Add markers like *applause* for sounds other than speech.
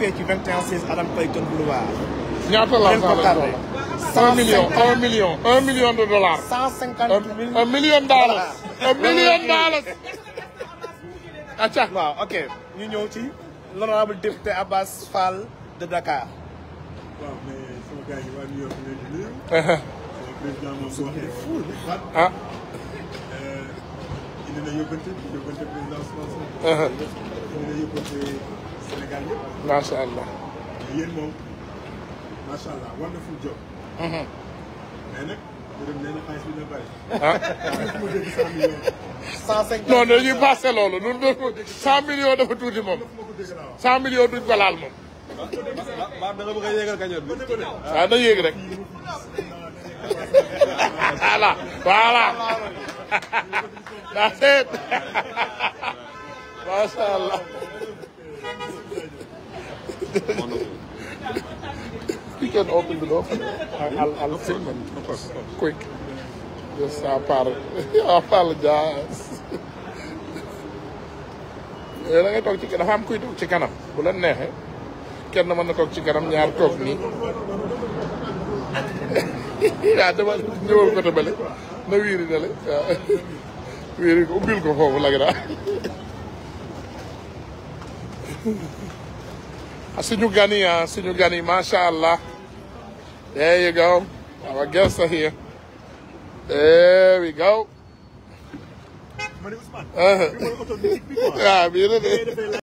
fee ci 21 16 Adam Payton Boulevard. ñaata la ko tardé 1 million 1 million 1 million de dollars. 150 millions 1 million dollars. 1 million dollars. acca waaw ok ñu ñëw ci l'honorable député Abbas Fall de Dakar. waaw mais sama gars yi waa New York ñu ngi *laughs* président moom su waxee ful ah. Euh, indi na yóbbante yóbbante président Ousmane Sonko. Uh-huh. indi na yóbbante. Sénégal yëpp. allah. yéen moom macha allah mhm. ah. *laughs* loolu ñun de 100 millions moom 100 millions duñ ko laal moom. waaw da nga bëgg a yéegal kañoon bi. Ah, *laughs* *laughs* allah. you can open the door. I'll, I'll, I'll film him quick. Yes, I apologize. da ngay toog ci dafa am kuy toog ci kanam bu la neexee kenn mën na ci kanam ñaar toog nii waaw dama ñëwal côté bële na wiiri dale waaw wiiri ubbil ko foofu la gi suñu *laughs* gan yi ah suñu gan yi macha allah there you go our guests are here there we go. ma ne Ousmane. ah bii la de.